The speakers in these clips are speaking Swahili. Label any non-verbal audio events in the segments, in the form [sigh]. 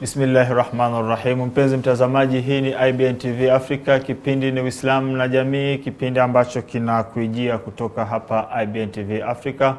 Bismillahi rahmani rahim. Mpenzi mtazamaji, hii ni IBN TV Africa, kipindi ni Uislamu na Jamii, kipindi ambacho kinakuijia kutoka hapa IBN TV Africa,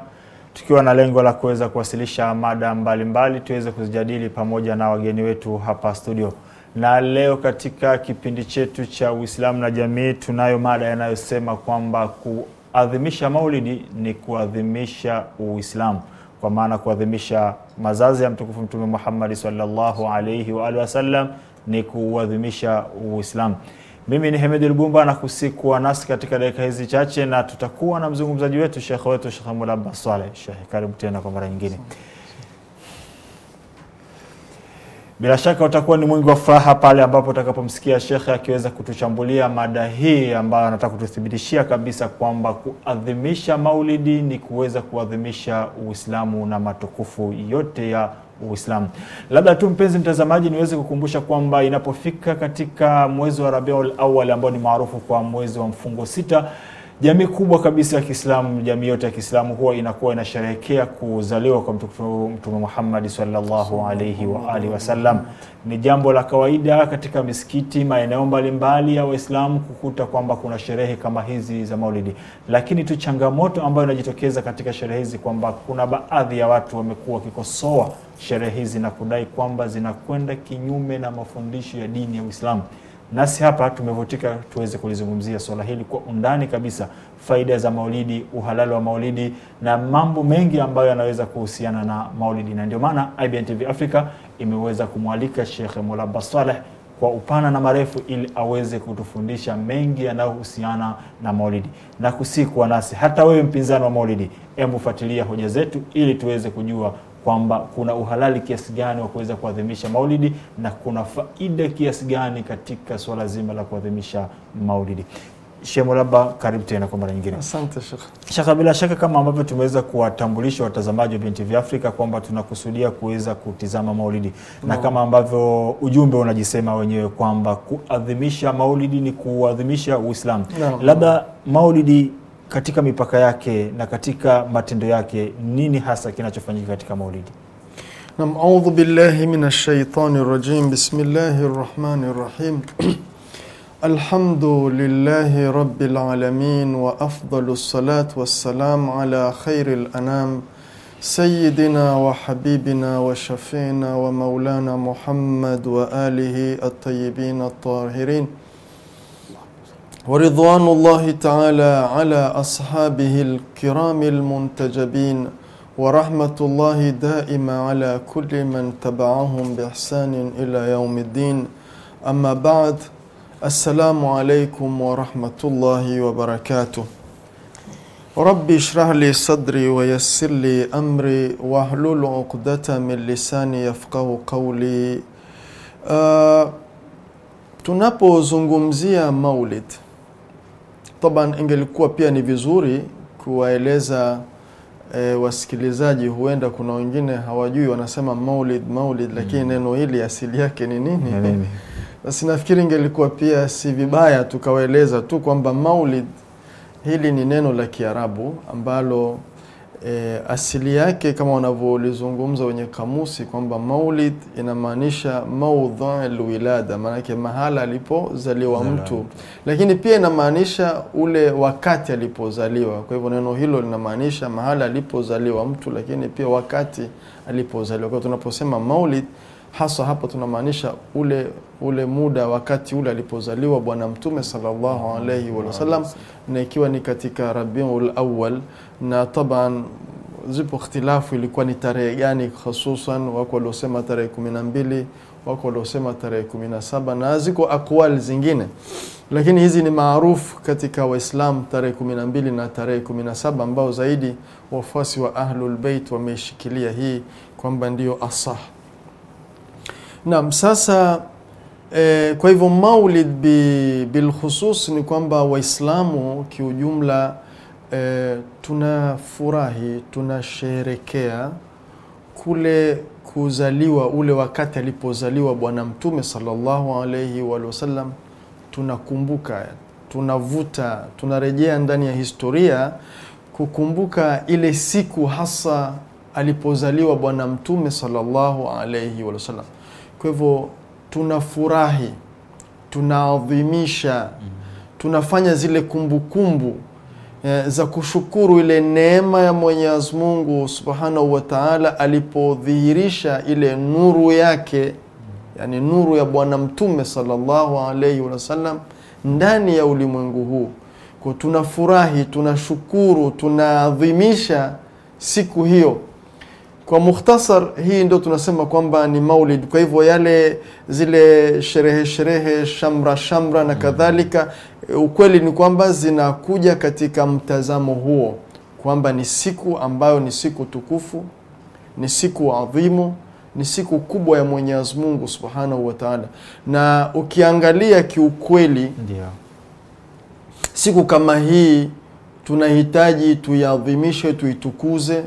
tukiwa na lengo la kuweza kuwasilisha mada mbalimbali tuweze kuzijadili pamoja na wageni wetu hapa studio. Na leo katika kipindi chetu cha Uislamu na Jamii tunayo mada yanayosema kwamba kuadhimisha Maulidi ni kuadhimisha Uislamu kwa maana kuadhimisha mazazi ya mtukufu Mtume Muhammad sallallahu alayhi wa alihi wasallam ni kuadhimisha Uislamu. Mimi ni Hemedi Lubumba na kusikuwa nasi katika dakika hizi chache, na tutakuwa na mzungumzaji wetu shekhe wetu Shekhe Mula Saleh. Shekhe, karibu tena kwa mara nyingine. Bila shaka utakuwa ni mwingi wa furaha pale ambapo utakapomsikia shekhe akiweza kutuchambulia mada hii ambayo anataka kututhibitishia kabisa kwamba kuadhimisha maulidi ni kuweza kuadhimisha Uislamu na matukufu yote ya Uislamu. Labda tu mpenzi mtazamaji, niweze kukumbusha kwamba inapofika katika mwezi wa Rabiul Awwal ambao ni maarufu kwa mwezi wa mfungo sita Jamii kubwa kabisa ya Kiislamu, jamii yote ya Kiislamu huwa inakuwa inasherehekea kuzaliwa kwa mtukufu Mtume Muhammad sallallahu alaihi wa alihi wasallam. Ni jambo la kawaida katika misikiti, maeneo mbalimbali ya Waislamu kukuta kwamba kuna sherehe kama hizi za Maulidi, lakini tu changamoto ambayo inajitokeza katika sherehe hizi kwamba kuna baadhi ya watu wamekuwa wakikosoa sherehe hizi na kudai kwamba zinakwenda kinyume na mafundisho ya dini ya Uislamu. Nasi hapa tumevutika tuweze kulizungumzia swala hili kwa undani kabisa, faida za maulidi, uhalali wa maulidi na mambo mengi ambayo yanaweza kuhusiana na maulidi, na ndio maana IBN TV Africa imeweza kumwalika Sheikh Mulaba Saleh kwa upana na marefu ili aweze kutufundisha mengi yanayohusiana na maulidi, na kusikuwa nasi hata wewe mpinzani wa maulidi, hebu fuatilia hoja zetu ili tuweze kujua kwamba kuna uhalali kiasi gani wa kuweza kuadhimisha Maulidi na kuna faida kiasi gani katika swala zima la kuadhimisha Maulidi. Shemo, Mulaba, karibu tena kwa mara nyingine. Asante Sheikh. Sheikh, bila shaka kama ambavyo tumeweza kuwatambulisha watazamaji wa BNTV afrika kwamba tunakusudia kuweza kutizama Maulidi no. na kama ambavyo ujumbe unajisema wenyewe kwamba kuadhimisha Maulidi ni kuadhimisha Uislamu no. labda Maulidi katika mipaka yake na katika matendo yake, nini hasa kinachofanyika katika maulidi? Nam, audhu billahi minash shaitani rajim. Bismillahi rahmani rahim [clears throat] alhamdulillahi rabbil alamin wa afdalu salatu wassalam ala khairil anam sayidina wa habibina wa shafina wa maulana Muhammad wa alihi atayibin atahirin at ورضوان الله تعالى على أصحابه الكرام المنتجبين ورحمة الله دائمة على كل من تبعهم بإحسان إلى يوم الدين أما بعد السلام عليكم ورحمة الله وبركاته ربي اشرح لي صدري ويسر لي أمري واحلل عقدة من لساني يفقه قولي آه, زنغمزيا مولد Taban, ingelikuwa pia ni vizuri kuwaeleza e, wasikilizaji, huenda kuna wengine hawajui, wanasema maulid maulid, lakini mm. neno hili asili yake ni nini? basi, nafikiri ingelikuwa pia si vibaya tukawaeleza tu kwamba maulid hili ni neno la Kiarabu ambalo E, asili yake kama wanavyolizungumza wenye kamusi kwamba maulid inamaanisha maudha alwilada, maanake mahala alipozaliwa mtu, lakini pia inamaanisha ule wakati alipozaliwa. Kwa hivyo neno hilo linamaanisha mahala alipozaliwa mtu, lakini pia wakati alipozaliwa. Kwa hiyo tunaposema maulid Hasa hapo tunamaanisha ule, ule muda wakati ule alipozaliwa Bwana Mtume sallallahu alaihi sallam, na ikiwa ni katika Rabiul Awwal, na taban zipo ikhtilafu ilikuwa ni tarehe gani hususan, wako waliosema tarehe 12, wako waliosema tarehe 17 na ziko aqwal zingine, lakini hizi ni maarufu katika Waislam, tarehe 12 na tarehe 17, ambao zaidi wafuasi wa Ahlul Bait wameshikilia hii kwamba ndio asah Naam, sasa e, kwa hivyo maulid bi, bilkhusus ni kwamba Waislamu kiujumla e, tunafurahi tunasherekea kule kuzaliwa ule wakati alipozaliwa Bwana Mtume sallallahu alaihi sallam, tunakumbuka tunavuta tunarejea ndani ya historia kukumbuka ile siku hasa alipozaliwa Bwana Mtume sallallahu alaihi sallam. Kwa hivyo tunafurahi, tunaadhimisha, tunafanya zile kumbukumbu -kumbu, eh, za kushukuru ile neema ya Mwenyezi Mungu Subhanahu wa Ta'ala alipodhihirisha ile nuru yake, yani nuru ya Bwana Mtume sallallahu alaihi wasallam ndani ya ulimwengu huu. Kwa tunafurahi, tunashukuru, tunaadhimisha siku hiyo. Kwa mukhtasar, hii ndio tunasema kwamba ni maulid. Kwa hivyo yale zile sherehe sherehe, shamra shamra na kadhalika, ukweli ni kwamba zinakuja katika mtazamo huo kwamba ni siku ambayo ni siku tukufu, ni siku adhimu, ni siku kubwa ya Mwenyezi Mungu Subhanahu wa Ta'ala, na ukiangalia kiukweli, ndio siku kama hii tunahitaji tuiadhimishe, tuitukuze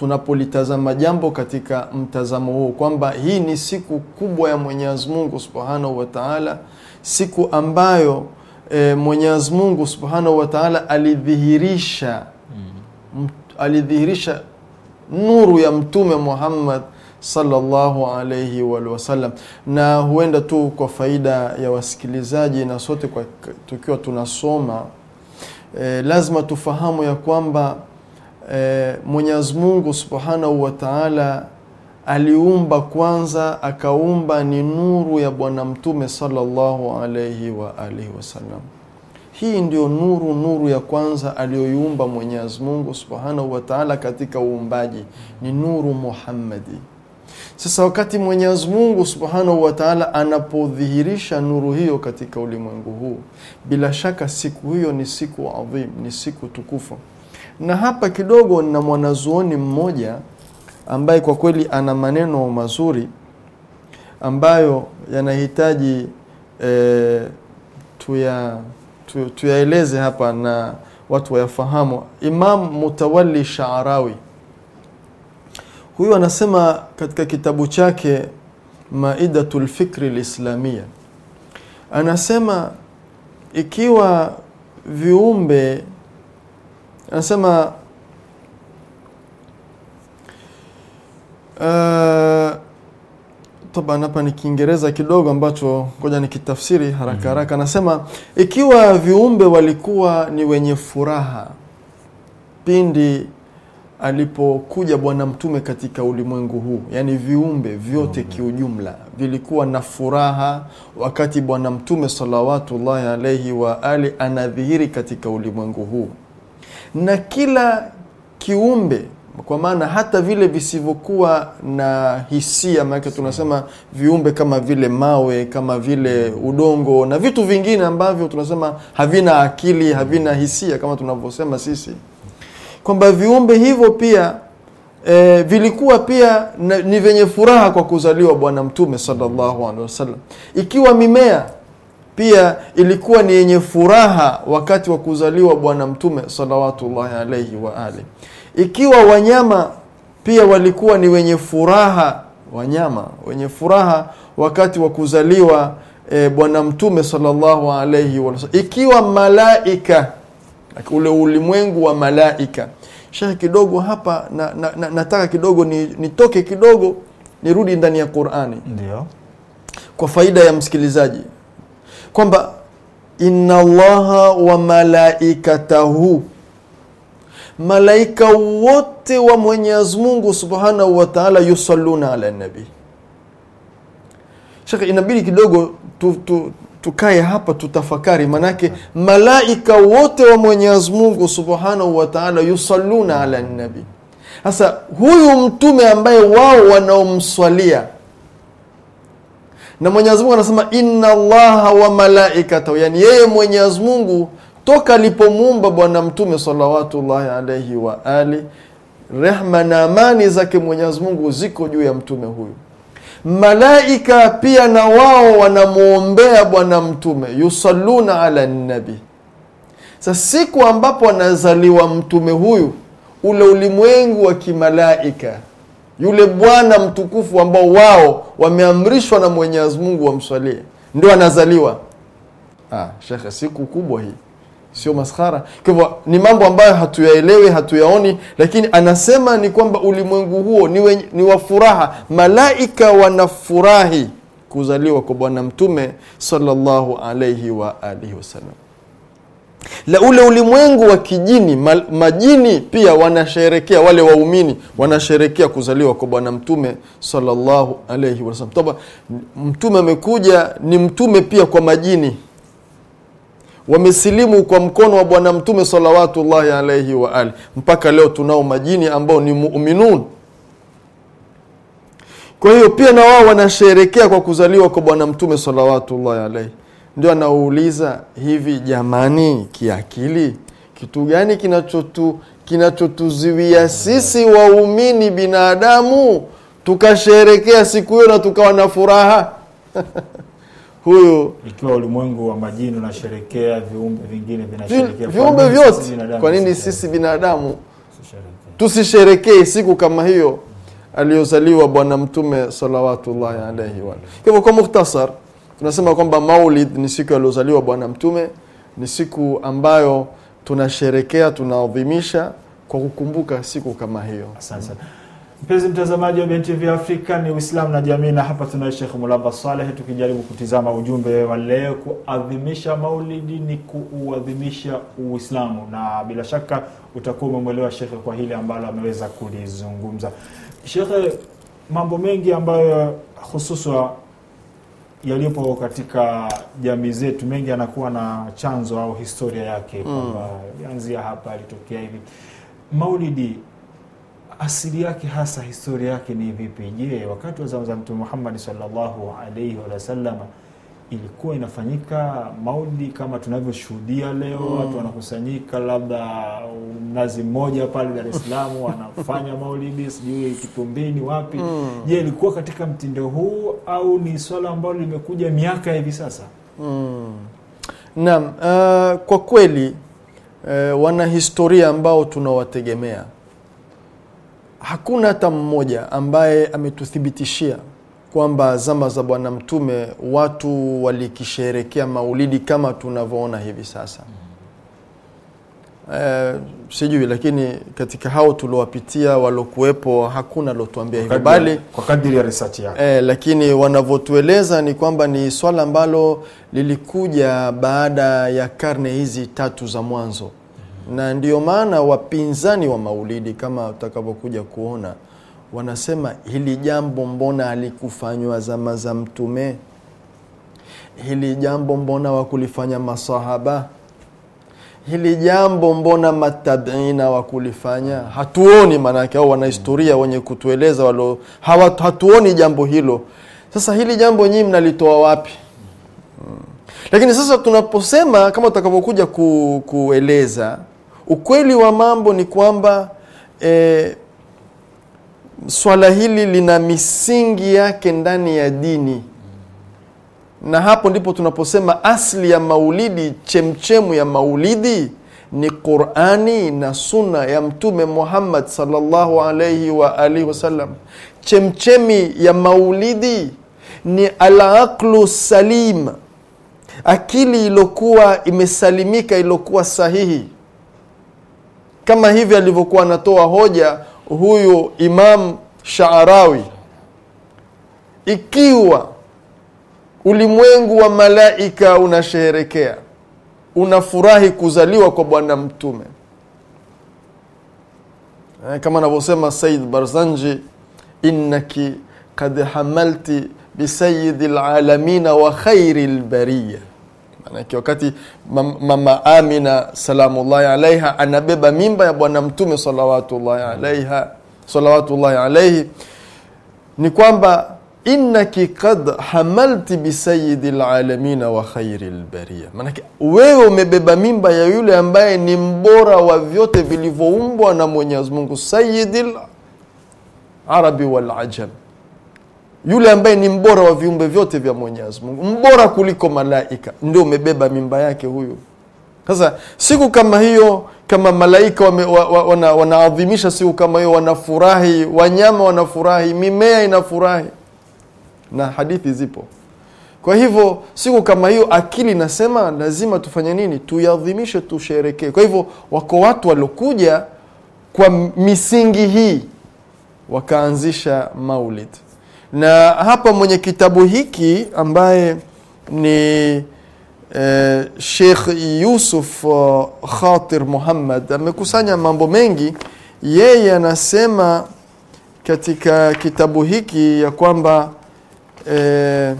tunapolitazama jambo katika mtazamo huu kwamba hii ni siku kubwa ya Mwenyezi Mungu Subhanahu wa Ta'ala, siku ambayo e, Mwenyezi Mungu Subhanahu wa Ta'ala alidhihirisha mm. alidhihirisha nuru ya Mtume Muhammad sallallahu alayhi wa sallam. Na huenda tu kwa faida ya wasikilizaji na sote kwa tukiwa tunasoma e, lazima tufahamu ya kwamba e, Mwenyezi Mungu Subhanahu wa Ta'ala aliumba kwanza, akaumba ni nuru ya Bwana Mtume sallallahu alayhi wa alihi wasallam. Hii ndio nuru, nuru ya kwanza aliyoiumba Mwenyezi Mungu Subhanahu wa Ta'ala katika uumbaji ni nuru Muhammadi. Sasa wakati Mwenyezi Mungu Subhanahu wa Ta'ala anapodhihirisha nuru hiyo katika ulimwengu huu, bila shaka siku hiyo ni siku adhim, ni siku tukufu. Na hapa kidogo na mwanazuoni mmoja ambaye kwa kweli ana maneno mazuri ambayo yanahitaji e, tuya tuyaeleze hapa na watu wayafahamu. Imam Mutawalli Shaarawi huyu anasema katika kitabu chake maidatu lfikri Lislamia, anasema ikiwa viumbe anasema uh, eh, taban hapa ni Kiingereza kidogo ambacho ngoja nikitafsiri haraka mhm. haraka. Anasema ikiwa viumbe walikuwa ni wenye furaha pindi alipokuja Bwana Mtume katika ulimwengu huu, yaani viumbe vyote mhm. kiujumla vilikuwa na furaha wakati Bwana Mtume salawatullahi alaihi wa ali anadhihiri katika ulimwengu huu na kila kiumbe kwa maana hata vile visivyokuwa na hisia, maanake tunasema viumbe kama vile mawe, kama vile udongo na vitu vingine ambavyo tunasema havina akili, havina hisia kama tunavyosema sisi, kwamba viumbe hivyo pia e, vilikuwa pia ni vyenye furaha kwa kuzaliwa Bwana Mtume sallallahu alaihi wasallam, ikiwa mimea pia ilikuwa ni yenye furaha wakati wa kuzaliwa Bwana Mtume salawatullahi alaihi wa ali. Ikiwa wanyama pia walikuwa ni wenye furaha, wanyama wenye furaha wakati wa kuzaliwa e, Bwana Mtume sallallahu alaihi wa Ikiwa malaika, ule ulimwengu wa malaika. Shehe, kidogo hapa na, na, na, nataka kidogo nitoke ni kidogo nirudi ndani ya Qur'ani, ndio kwa faida ya msikilizaji kwamba inna llaha wa malaikatahu, malaika wote wa Mwenyezi Mungu subhanahu wa taala, yusalluna ala nabi. Shekhe, inabidi kidogo tu, tu, tukae hapa tutafakari, manake malaika wote wa Mwenyezi Mungu subhanahu wa taala yusalluna ala nabi. Sasa huyu mtume ambaye wao wanaomswalia na Mwenyezi Mungu anasema inna llaha wa malaikatahu, yani yeye Mwenyezi Mungu toka alipomuumba Bwana Mtume salawatullahi alaihi wa ali, rehma na amani zake Mwenyezi Mungu ziko juu ya mtume huyu. Malaika pia na wao wanamwombea Bwana Mtume, yusalluna ala nabi. Sasa siku ambapo anazaliwa mtume huyu, ule ulimwengu wa kimalaika yule Bwana mtukufu ambao wao wameamrishwa na Mwenyezi Mungu wamswalie, ndio anazaliwa. Ah, shekhe, siku kubwa hii, sio maskhara. Kwa hivyo ni mambo ambayo hatuyaelewi, hatuyaoni, lakini anasema ni kwamba ulimwengu huo ni, ni wa furaha, malaika wanafurahi kuzaliwa kwa Bwana Mtume sallallahu alaihi wa alihi wasallam la ule ulimwengu wa kijini ma, majini pia wanasherekea wale waumini wanasherekea kuzaliwa kwa bwana mtume salllahu alaihi toba mtume amekuja ni mtume pia kwa majini wamesilimu kwa mkono wa bwana mtume salawatullahi alaihi waali mpaka leo tunao majini ambao ni muminun kwa hiyo pia na wao wanasherekea kwa kuzaliwa kwa bwana mtume salawatullahi alaihi ndio anauliza hivi, jamani, kiakili kitu gani kinachotu kinachotuziwia sisi waumini binadamu tukasherekea siku hiyo na tukawa na furaha [laughs] huyu ikiwa ulimwengu wa majini unasherekea viumbe vingine vinasherekea viumbe vyote, kwa nini sisi binadamu tusisherekee siku kama hiyo aliyozaliwa Bwana Mtume salawatullahi alaihi wa kwa mukhtasar tunasema kwamba Maulid ni siku aliozaliwa Bwana Mtume, ni siku ambayo tunasherekea, tunaadhimisha kwa kukumbuka siku kama hiyo. mpenzi mtazamaji wa BNTV Afrika, ni Uislamu na jamii, na hapa tunaye shekh Mulaba Saleh tukijaribu kutizama ujumbe wa leo. Kuadhimisha maulidi ni kuuadhimisha Uislamu, na bila shaka utakuwa umemwelewa shekhe kwa hili ambalo ameweza kulizungumza. shekhe mambo mengi ambayo hususwa yaliyopo katika jamii zetu mengi yanakuwa na chanzo au historia yake mm. kwamba mm. anzia hapa alitokea hivi. Maulidi asili yake hasa historia yake ni vipi? Je, wakati wa zama za Mtume Muhammad sallallahu alaihi wasallam ilikuwa inafanyika maudi kama tunavyoshuhudia leo, mm. watu wanakusanyika labda mnazi mmoja pale Dar es [laughs] Salaam wanafanya maulidi, sijui Kitumbini wapi. Mm. Je, ilikuwa katika mtindo huu au ni swala ambalo limekuja miaka hivi sasa? mm. Naam, uh, kwa kweli uh, wanahistoria ambao tunawategemea hakuna hata mmoja ambaye ametuthibitishia kwamba zama za Bwana Mtume watu walikisherekea maulidi kama tunavyoona hivi sasa e, sijui lakini katika hao tuliowapitia walokuwepo hakuna lotuambia hivyo bali kwa kadiri ya yako e, lakini wanavyotueleza ni kwamba ni swala ambalo lilikuja baada ya karne hizi tatu za mwanzo mm -hmm. na ndio maana wapinzani wa maulidi kama utakavyokuja kuona wanasema hili jambo mbona alikufanywa zama za mtume? Hili jambo mbona wakulifanya masahaba? Hili jambo mbona matabiina wakulifanya? Hatuoni maanake, au wanahistoria wenye kutueleza walo hatuoni jambo hilo. Sasa hili jambo nyii mnalitoa wapi? Lakini sasa tunaposema kama tutakavyokuja ku, kueleza ukweli wa mambo ni kwamba e, swala hili lina misingi yake ndani ya dini, na hapo ndipo tunaposema asli ya maulidi, chemchemu ya maulidi ni Qurani na sunna ya Mtume Muhammad salllahu alaihi wa alihi wasallam. Chemchemi ya maulidi ni alaqlu salim, akili iliokuwa imesalimika, iliokuwa sahihi, kama hivyo alivyokuwa anatoa hoja huyu Imam Shaarawi, ikiwa ulimwengu wa malaika unasheherekea unafurahi kuzaliwa kwa bwana mtume eh, kama anavyosema Said Barzanji, innaki kad hamalti bisayidi lalamina wa khairi lbariya manake wakati mama amina salamullahi alaiha anabeba mimba ya bwana mtume salawatullahi alaiha alaihi ni kwamba innaki kad hamalti bisayidi lalamina wa khairi lbaria manake wewe umebeba mimba ya yule ambaye ni mbora wa vyote vilivyoumbwa na mwenyezi mungu sayidi larabi walajam yule ambaye ni mbora wa viumbe vyote vya Mwenyezi Mungu, mbora kuliko malaika, ndio umebeba mimba yake huyu. Sasa siku kama hiyo, kama malaika wame, wa, wa, wana, wanaadhimisha siku kama hiyo, wanafurahi, wanyama wanafurahi, mimea inafurahi, na hadithi zipo. Kwa hivyo siku kama hiyo, akili nasema lazima tufanye nini? Tuiadhimishe, tusherekee. Kwa hivyo wako watu waliokuja kwa misingi hii wakaanzisha maulid na hapa mwenye kitabu hiki ambaye ni eh, Sheikh Yusuf uh, Khatir Muhammad amekusanya mambo mengi. Yeye anasema katika kitabu hiki ya kwamba eh,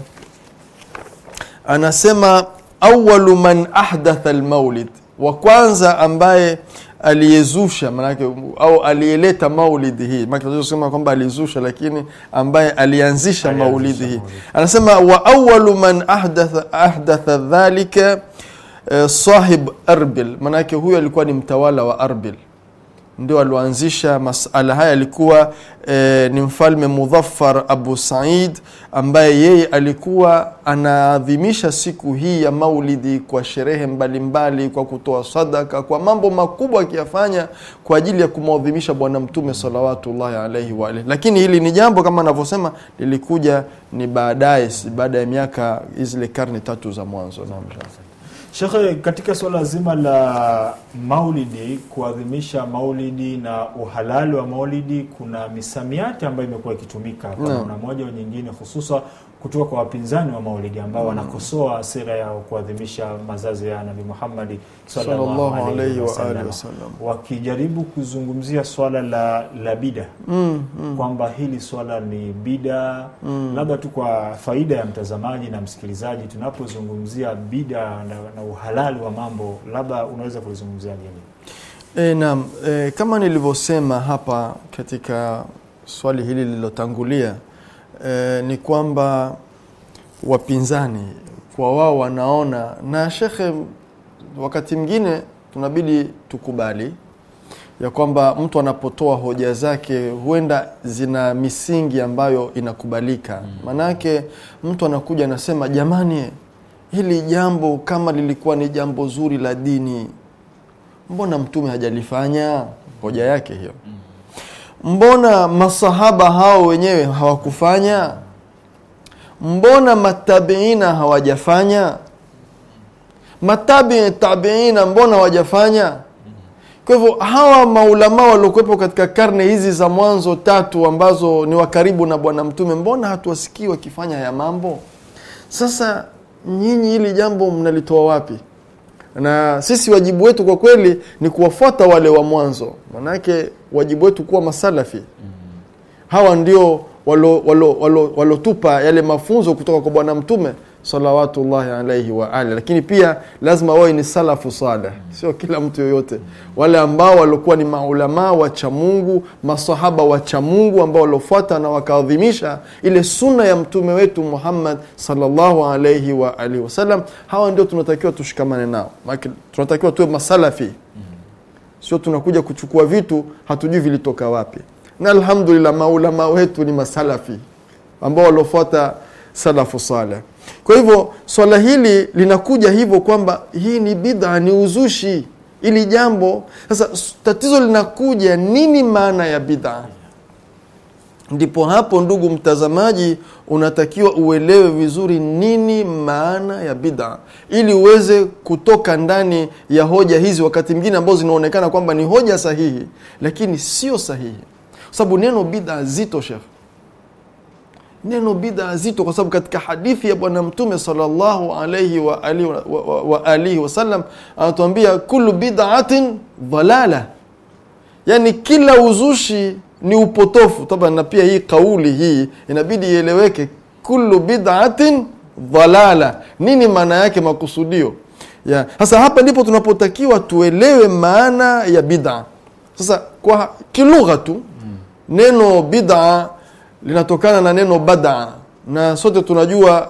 anasema awalu man ahdatha almaulid, wa kwanza ambaye aliyezusha manake au aliyeleta maulidi hii kusema kwamba alizusha lakini ambaye alianzisha, maulidi hii anasema wa awalu man ahdatha, ahdatha dhalika eh, sahib arbil manake huyo alikuwa ni mtawala wa arbil ndio alioanzisha masala haya alikuwa e, ni mfalme Mudhaffar Abu Said ambaye yeye alikuwa anaadhimisha siku hii ya Maulidi kwa sherehe mbalimbali kwa kutoa sadaka, kwa mambo makubwa akiyafanya kwa ajili ya kumwadhimisha Bwana Mtume salawatullahi alaihi waalihi Lakini hili ni jambo kama anavyosema lilikuja ni baadaye, baada ya miaka zile karne tatu za mwanzo. Naam. Shekhe, katika suala zima la maulidi, kuadhimisha maulidi na uhalali wa maulidi, kuna misamiati ambayo imekuwa ikitumika kwa namna moja au nyingine, hususa kutoka kwa wapinzani wa maulidi ambao wanakosoa sera ya kuadhimisha mazazi ya Nabii Muhammad sallallahu alaihi wa alihi wasallam, wakijaribu kuzungumzia swala la, la bida mm, mm. kwamba hili swala ni bida mm. labda tu kwa faida ya mtazamaji na msikilizaji, tunapozungumzia bida na, na uhalali wa mambo, labda unaweza kulizungumzia nini? E, naam e, kama nilivyosema hapa katika swali hili lililotangulia eh, ni kwamba wapinzani kwa wao wanaona, na shekhe, wakati mwingine tunabidi tukubali ya kwamba mtu anapotoa hoja zake huenda zina misingi ambayo inakubalika. Maanake hmm. mtu anakuja anasema, jamani, hili jambo kama lilikuwa ni jambo zuri la dini, mbona mtume hajalifanya? Hoja yake hiyo. Hmm mbona masahaba hao wenyewe hawakufanya? Mbona matabiina hawajafanya? matabi tabiina mbona hawajafanya? Kwa hivyo hawa maulama waliokuwepo katika karne hizi za mwanzo tatu ambazo ni wa karibu na Bwana Mtume, mbona hatuwasikii wakifanya haya mambo? Sasa nyinyi hili jambo mnalitoa wapi? Na sisi wajibu wetu kwa kweli ni kuwafuata wale wa mwanzo, manake wajibu wetu kuwa masalafi mm-hmm. hawa ndio walotupa walo, walo, walo yale mafunzo kutoka kwa bwana mtume salawatullahi alaihi wa lakini pia lazima wawe ni salafu saleh sio kila mtu yoyote wale ambao waliokuwa ni maulamaa wacha mungu masahaba wacha mungu ambao waliofuata na wakaadhimisha ile suna ya mtume wetu muhammad salllahu alaihi waalihi wasallam hawa ndio tunatakiwa tushikamane nao tunatakiwa tuwe masalafi mm-hmm sio tunakuja kuchukua vitu hatujui vilitoka wapi. Na alhamdulillah maulama wetu ni masalafi ambao waliofuata salafu saleh. Kwa hivyo swala hili linakuja hivyo kwamba hii ni bidha ni uzushi ili jambo. Sasa tatizo linakuja, nini maana ya bidhaa ndipo hapo, ndugu mtazamaji, unatakiwa uelewe vizuri nini maana ya bid'a, ili uweze kutoka ndani ya hoja hizi wakati mwingine ambazo zinaonekana kwamba ni hoja sahihi, lakini sio sahihi, kwa sababu neno bid'a zito, shekh, neno bid'a zito, kwa sababu katika hadithi ya Bwana Mtume sallallahu alaihi wa alihi wa, wa, wa, wa anatuambia kulu bid'atin dhalala, yani kila uzushi ni upotofu taban, na pia hii kauli hii inabidi ieleweke, kullu bid'atin dhalala. Nini maana yake, makusudio ya sasa? Hapa ndipo tunapotakiwa tuelewe maana ya bid'a. Sasa kwa kilugha tu neno bid'a linatokana na neno bada na sote tunajua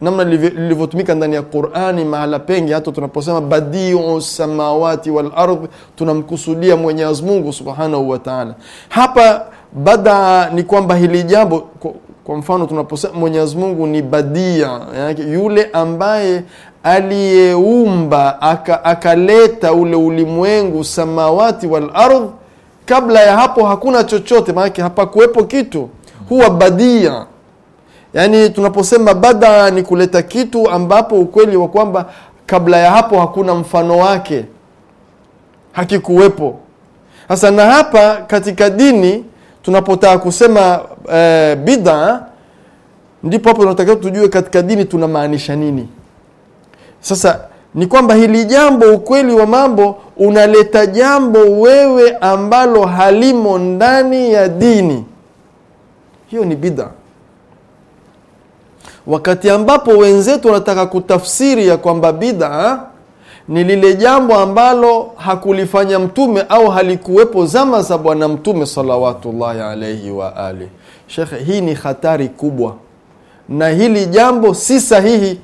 namna lilivyotumika ndani ya Qur'ani mahala pengi, hata tunaposema badiu samawati wal tunamkusudia Mwenyezi Mungu Subhanahu wa Ta'ala. Hapa bada ni kwamba hili jambo kwa, kwa mfano tunaposema Mwenyezi Mungu ni badia, yani yule ambaye aliyeumba aka, akaleta ule ulimwengu samawati wal Kabla ya hapo hakuna chochote, maanake hapakuwepo kitu, huwa badia yaani tunaposema bada ni kuleta kitu ambapo ukweli wa kwamba kabla ya hapo hakuna mfano wake hakikuwepo sasa na hapa katika dini tunapotaka kusema e, bida ndipo hapo tunatakiwa tujue katika dini tunamaanisha nini sasa ni kwamba hili jambo ukweli wa mambo unaleta jambo wewe ambalo halimo ndani ya dini hiyo ni bidhaa wakati ambapo wenzetu wanataka kutafsiri ya kwamba bidaa ah, ni lile jambo ambalo hakulifanya mtume au halikuwepo zama za bwana mtume salawatullahi alaihi wa Shekhe, hii ni hatari kubwa na hili jambo si sahihi.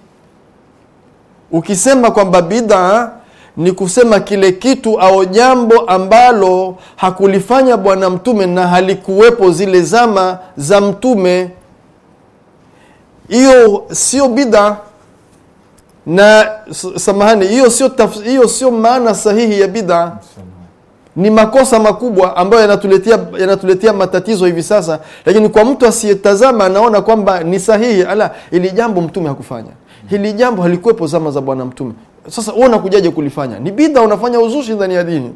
Ukisema kwamba bidaa ah, ni kusema kile kitu au jambo ambalo hakulifanya bwana mtume na halikuwepo zile zama za mtume hiyo sio bid'a na samahani, hiyo sio hiyo sio maana sahihi ya bid'a, ni makosa makubwa ambayo yanatuletea yanatuletea matatizo hivi sasa, lakini kwa mtu asiyetazama anaona kwamba ni sahihi. Ala, ili jambo mtume hakufanya hili jambo halikuwepo zama za bwana mtume. Sasa wewe unakujaje kulifanya? Ni bidha unafanya uzushi ndani ya dini.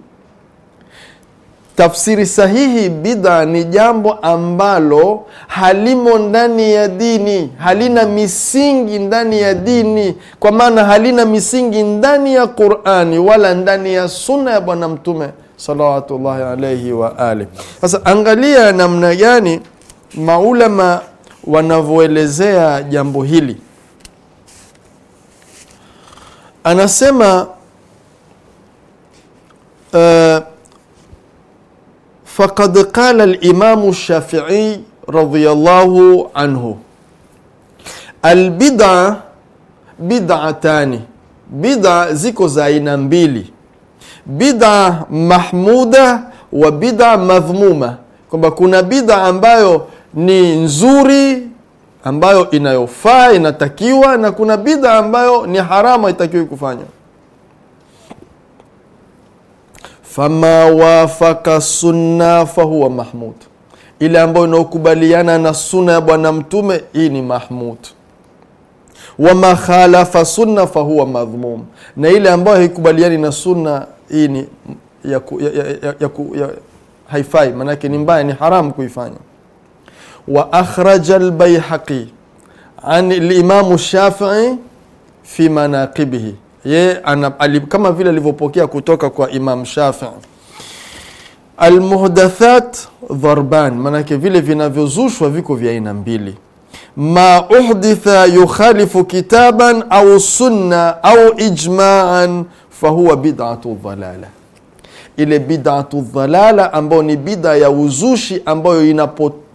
Tafsiri sahihi, bidha ni jambo ambalo halimo ndani ya dini, halina misingi ndani ya dini, kwa maana halina misingi ndani ya Qur'ani wala ndani ya sunna ya Bwana Mtume salawatullahi alaihi wa Sasa angalia namna gani maulama wanavyoelezea jambo hili, anasema uh, فقد qala limamu shafii رضي الله albida bidatani bida ziko za aina mbili bida mahmuda wa bida madhmuma kwamba kuna bidha ambayo ni nzuri ambayo inayofaa inatakiwa na kuna bidha ambayo ni harama itakiwa kufanywa fama wafaka sunna fahuwa mahmud ile ambayo inaokubaliana na sunna ya bwana mtume hii ni mahmud wama khalafa sunna fahuwa madhmum na ile ambayo haikubaliani na sunna hii ni ya, ku, ya, ya, ya, ya, ya haifai maanake ni mbaya ni haramu kuifanya wa akhraja lbaihaqi an limamu shafii fi manaqibihi ye ana, kama vile alivyopokea kutoka kwa Imam Shafii. Almuhdathat dharban, maanake vile vinavyozushwa viko vya aina mbili. Ma uhditha yukhalifu kitaban au sunna au ijmaan fahuwa bid'atu dhalala, ile bid'atu dhalala ambayo ni bid'a ya uzushi ambayo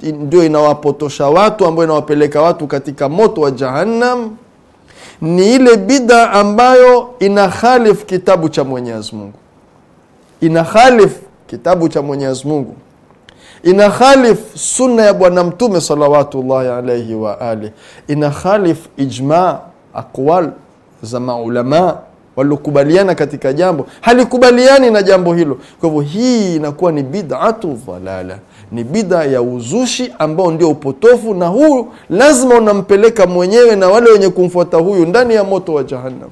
ndio inawapotosha watu ambayo inawapeleka watu katika moto wa Jahannam ni ile bida ambayo ina khalifu kitabu cha Mwenyezi Mungu, ina khalifu kitabu cha Mwenyezi Mungu, ina khalifu sunna ya Bwana Mtume salawatullahi alaihi wa alihi, ina khalif ijma aqwal za maulamaa waliokubaliana katika jambo, halikubaliani na jambo hilo. Kwa hivyo hii inakuwa ni bid'atu dhalala ni bidhaa ya uzushi ambao ndio upotofu, na huu lazima unampeleka mwenyewe na wale wenye kumfuata huyu ndani ya moto wa Jahannam,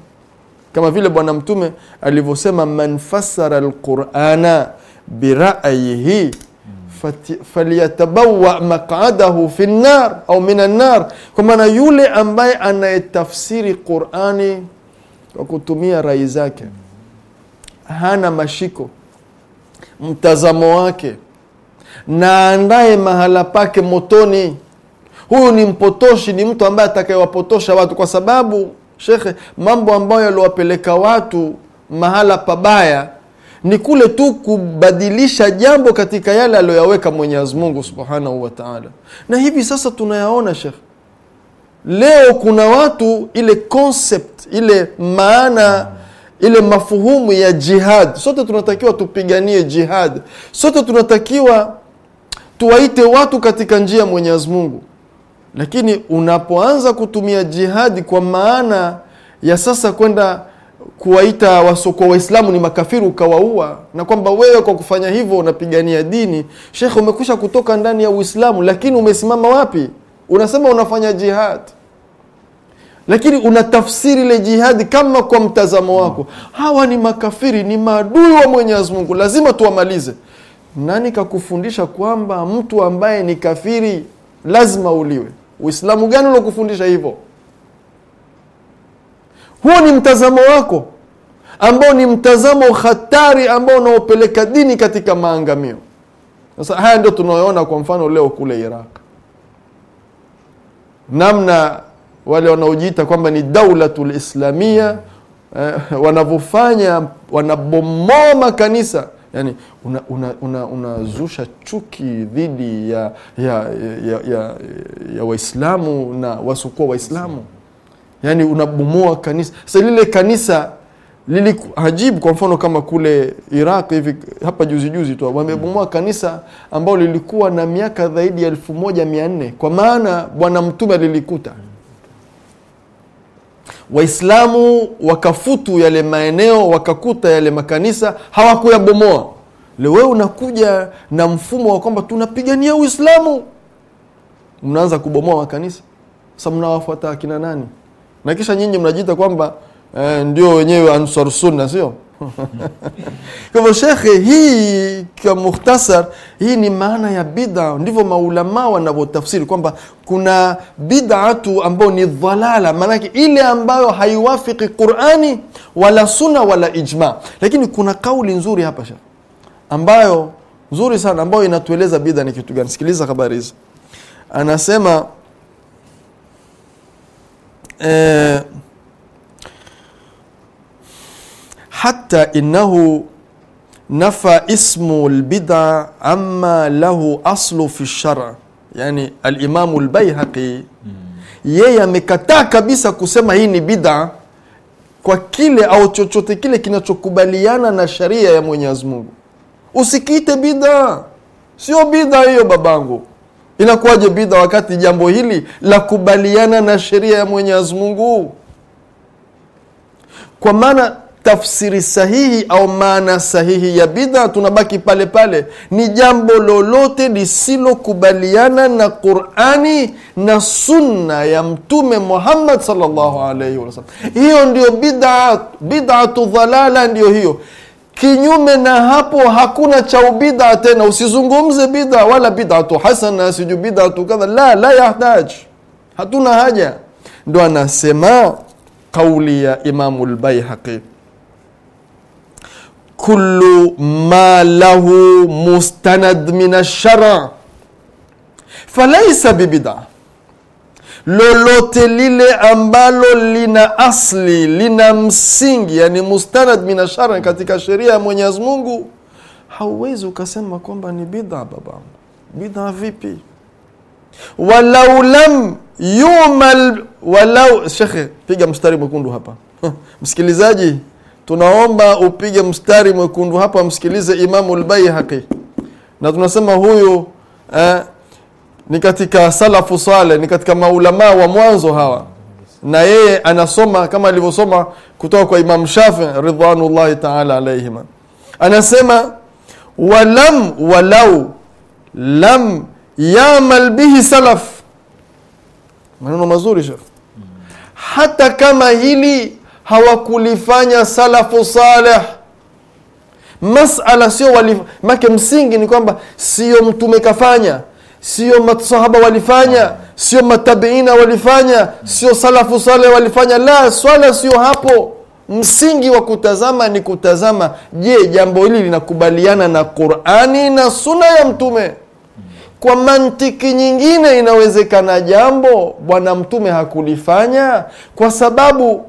kama vile Bwana Mtume alivyosema, man fasara lqurana birayihi falyatabawa maqadahu fi nar au min annar, kwa maana yule ambaye anayetafsiri Qurani kwa kutumia rai zake, hana mashiko mtazamo wake na andaye mahala pake motoni. Huyu ni mpotoshi, ni mtu ambaye atakayewapotosha watu, kwa sababu shekhe, mambo ambayo yaliwapeleka watu mahala pabaya ni kule tu kubadilisha jambo katika yale aliyoyaweka mwenyezimungu subhanahu wa taala, na hivi sasa tunayaona shekhe. Leo kuna watu ile concept ile maana ile mafuhumu ya jihad, sote tunatakiwa tupiganie jihad, sote tunatakiwa tuwaite watu katika njia Mwenyezi Mungu. Lakini unapoanza kutumia jihadi kwa maana ya sasa kwenda kuwaita wasokwa Waislamu ni makafiri ukawaua, na kwamba wewe kwa kufanya hivyo unapigania dini, shekhe umekwisha kutoka ndani ya Uislamu, lakini umesimama wapi? Unasema unafanya jihadi lakini unatafsiri ile jihadi kama kwa mtazamo wako, hawa ni makafiri, ni maadui wa Mwenyezi Mungu, lazima tuwamalize. Nani kakufundisha kwamba mtu ambaye ni kafiri lazima uliwe? Uislamu gani ulokufundisha hivyo? Huo ni mtazamo wako ambao ni mtazamo hatari ambao unaopeleka dini katika maangamio. Sasa haya ndio tunayoona kwa mfano leo kule Iraq, namna wale wanaojiita kwamba ni daulatu lislamia eh, wanavyofanya, wanabomoa makanisa yani unazusha una, una chuki dhidi ya, ya, ya, ya, ya Waislamu na wasiokuwa Waislamu, yani unabomoa kanisa. Sasa lile kanisa lili ajibu, kwa mfano kama kule Iraq hivi hapa juzi juzi tu wamebomoa kanisa ambao lilikuwa na miaka zaidi ya elfu moja mia nne kwa maana Bwana Mtume alilikuta waislamu wakafutu yale maeneo wakakuta yale makanisa hawakuyabomoa leo wewe unakuja na mfumo wa kwamba tunapigania uislamu mnaanza kubomoa makanisa sa mnawafuata akina nani na kisha nyinyi mnajiita kwamba eh, ndio wenyewe ansarusunna sio [laughs] Kwa hivyo shekhe, hii kwa mukhtasar, hii ni maana ya bid'a. Ndivyo maulama wanavyotafsiri kwamba kuna bid'atu ambayo ni dhalala, maanake ile ambayo haiwafiki Qur'ani wala sunna wala ijma. Lakini kuna kauli nzuri hapa shekhe, ambayo nzuri sana, ambayo inatueleza bid'a ni kitu gani. Sikiliza habari hizi, anasema eh, hatta innahu nafa ismu lbida ama lahu aslu fi lshara, yani alimamu lbaihaqi hmm. yeye amekataa kabisa kusema hii ni bida kwa kile au chochote kile kinachokubaliana na sharia ya Mwenyezi Mungu. Usikiite bida, sio bidha hiyo babangu. Inakuwaje bidha wakati jambo hili la kubaliana na sheria ya Mwenyezi Mungu? Kwa maana tafsiri sahihi au maana sahihi ya bidha, tunabaki pale pale. Ni jambo lolote lisilokubaliana na Qurani na sunna ya Mtume Muhammad sallallahu hiyo ndio Bid'atu dhalala ndio hiyo. Kinyume na hapo hakuna cha ubidha tena. Usizungumze bidha wala bid'atu hasana, siju bid'atu kadha, la la yahtaj, hatuna haja. Ndo anasema kauli ya Imamu Lbaihaqi kullu ma lahu mustanad min ashara falaisa bibida lolote lile ambalo lina asli lina msingi yani mustanad min ashara katika sheria ya mwenyezi mungu hauwezi ukasema kwamba ni bidha babangu bidha vipi walau lam yumal walau shekhe piga mstari mwekundu hapa [laughs] msikilizaji tunaomba upige mstari mwekundu hapa, msikilize Imamu Lbaihaqi, na tunasema huyu eh, ni katika salafu saleh, ni katika maulamaa wa mwanzo hawa, na yeye anasoma kama alivyosoma kutoka kwa Imam Shafi ridwanullahi taala alaihima, anasema walam walau lam yamal bihi salaf. Maneno mazuri shekh, hata kama hili hawakulifanya salafu saleh masala sio make msingi ni kwamba sio mtume kafanya sio masahaba walifanya sio matabiina walifanya sio salafu saleh walifanya la swala sio hapo msingi wa kutazama ni kutazama je jambo hili linakubaliana na qurani na suna ya mtume kwa mantiki nyingine inawezekana jambo bwana mtume hakulifanya kwa sababu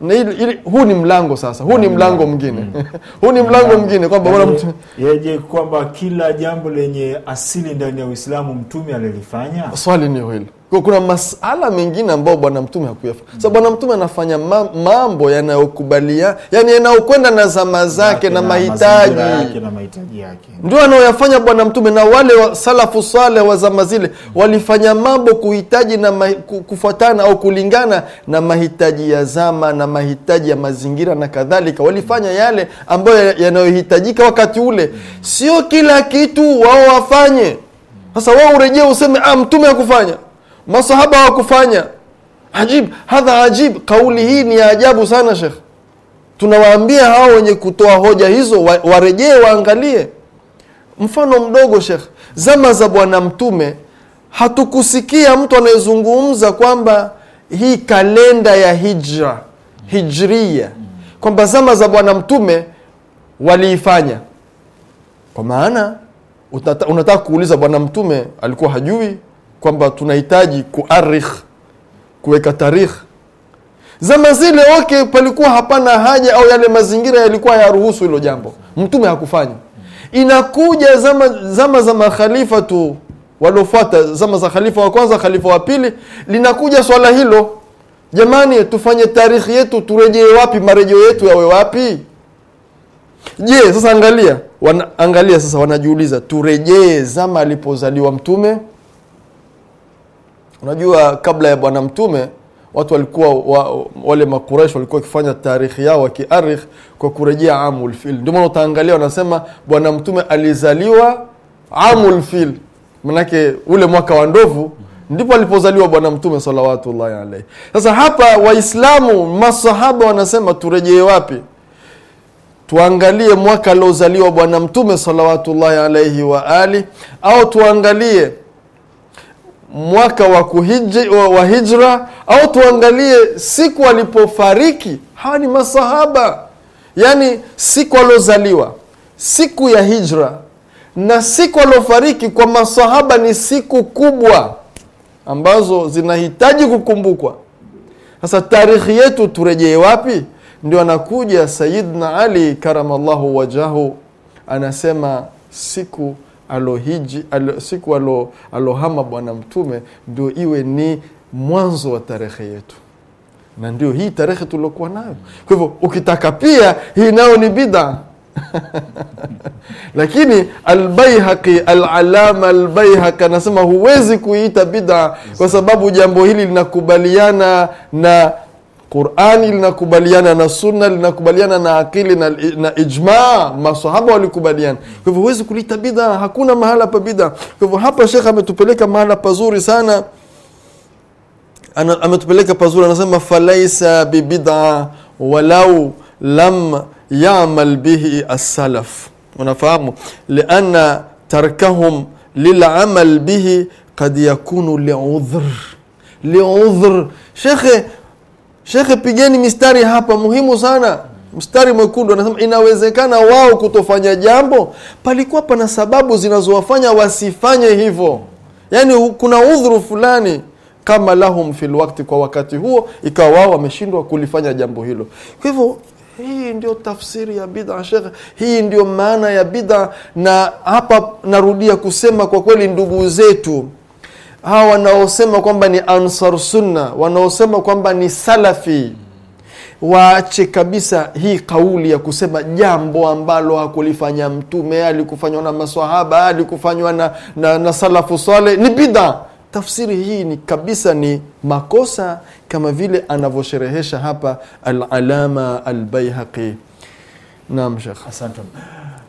na ili, ili, huu ni mlango sasa, huu ni mm. mlango mwingine mm. [laughs] huu ni mlango mwingine kwamba mtu yeye kwamba kila jambo lenye asili ndani ya Uislamu mtume alilifanya. Swali ni hilo. Kwa kuna masala mengine ambayo Bwana Mtume hakuyafa. Sasa so, Bwana Mtume anafanya mambo yanayokubalia, yani yanayokwenda na zama zake na, na mahitaji na yake, ndio anaoyafanya Bwana Mtume na wale wa salafu saleh wa zama zile mm -hmm. walifanya mambo kuhitaji na ma, kufuatana au kulingana na mahitaji ya zama na mahitaji ya mazingira na kadhalika, walifanya yale ambayo yanayohitajika wakati ule, sio kila kitu wao wafanye. Sasa wao urejee useme ah, mtume hakufanya masahaba hawakufanya ajib hadha ajib kauli hii ni ya ajabu sana shekh tunawaambia hawa wenye kutoa hoja hizo warejee waangalie mfano mdogo shekh zama za bwana mtume hatukusikia mtu anayezungumza kwamba hii kalenda ya hijra hijria kwamba zama za bwana mtume waliifanya kwa maana unataka kuuliza bwana mtume alikuwa hajui kwamba tunahitaji kuarikh kuweka tarikh zama zile okay palikuwa hapana haja au yale mazingira yalikuwa yaruhusu hilo jambo mtume hakufanya inakuja zama zama za makhalifa tu waliofuata zama za khalifa wa kwanza khalifa wa pili linakuja swala hilo jamani tufanye tarikhi yetu turejee wapi marejeo yetu yawe wapi je sasa angalia wana, angalia sasa wanajiuliza turejee zama alipozaliwa mtume unajua kabla ya bwana mtume watu walikuwa wa, wale makuraish walikuwa wakifanya taarikhi yao wakiarikh kwa kurejea amulfil ndio maana utaangalia wanasema bwana mtume alizaliwa amulfil manake ule mwaka wa ndovu ndipo alipozaliwa bwana mtume salawatullahi alaihi sasa hapa waislamu masahaba wanasema turejee wapi tuangalie mwaka aliozaliwa bwana mtume salawatullahi alaihi wa au tuangalie mwaka wa kuhiji, wa, wa hijra au tuangalie siku alipofariki. Hawa ni masahaba, yaani siku aliozaliwa, siku ya hijra na siku aliofariki kwa masahaba ni siku kubwa ambazo zinahitaji kukumbukwa. Sasa tarikhi yetu turejee wapi? Ndio anakuja Sayidna Ali karamallahu wajahu, anasema siku alohiji alo, siku alo, alohama Bwana Mtume ndio iwe ni mwanzo wa tarehe yetu na ndio hii tarehe tuliokuwa nayo. Kwa hivyo ukitaka pia hii nayo ni bidha [laughs] lakini Albaihaqi Alalama Albaihaqi anasema huwezi kuiita bidhaa kwa sababu jambo hili linakubaliana na Qurani linakubaliana na sunna linakubaliana na akili na, na ijma, masahaba walikubaliana. Kwa hivyo huwezi kulita bidha hakuna mahala pa bidha Kwa hivyo hapa Sheikh ametupeleka mahala pazuri sana, ana, ametupeleka pazuri, anasema falaisa bibid'a walau lam yamal bihi as-salaf. Unafahamu lianna tarkahum lilamal bihi qad yakunu liudhr liudhr. Shekhe shekhe pigeni mistari hapa muhimu sana mstari mwekundu anasema inawezekana wao kutofanya jambo palikuwa pana sababu zinazowafanya wasifanye hivyo yaani kuna udhuru fulani kama lahum fil wakti kwa wakati huo ikawa wao wameshindwa kulifanya jambo hilo kwa hivyo hii ndio tafsiri ya bidha shekhe hii ndio maana ya bidha na hapa narudia kusema kwa kweli ndugu zetu hawa wanaosema kwamba ni ansar sunna, wanaosema kwamba ni salafi, waache kabisa hii kauli ya kusema jambo ambalo hakulifanya Mtume, alikufanywa na masahaba alikufanywa na, na, na salafu saleh, ni bidha. Tafsiri hii ni kabisa ni makosa, kama vile anavyosherehesha hapa Alalama Albaihaqi. Naam, Shekh, asante.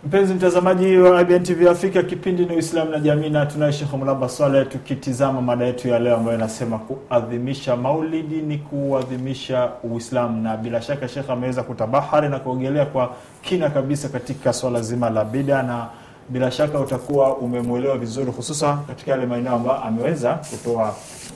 Mpenzi mtazamaji wa IBN TV Afrika, kipindi ni Uislamu na jamii, na tunaye Sheikh Mulaba Saleh tukitizama mada yetu ya leo ambayo inasema kuadhimisha Maulidi ni kuadhimisha Uislamu, na bila shaka Sheikh ameweza kutabahari na kuogelea kwa kina kabisa katika swala zima la bida, na bila shaka utakuwa umemwelewa vizuri, hususa katika yale maeneo ambayo ameweza kutoa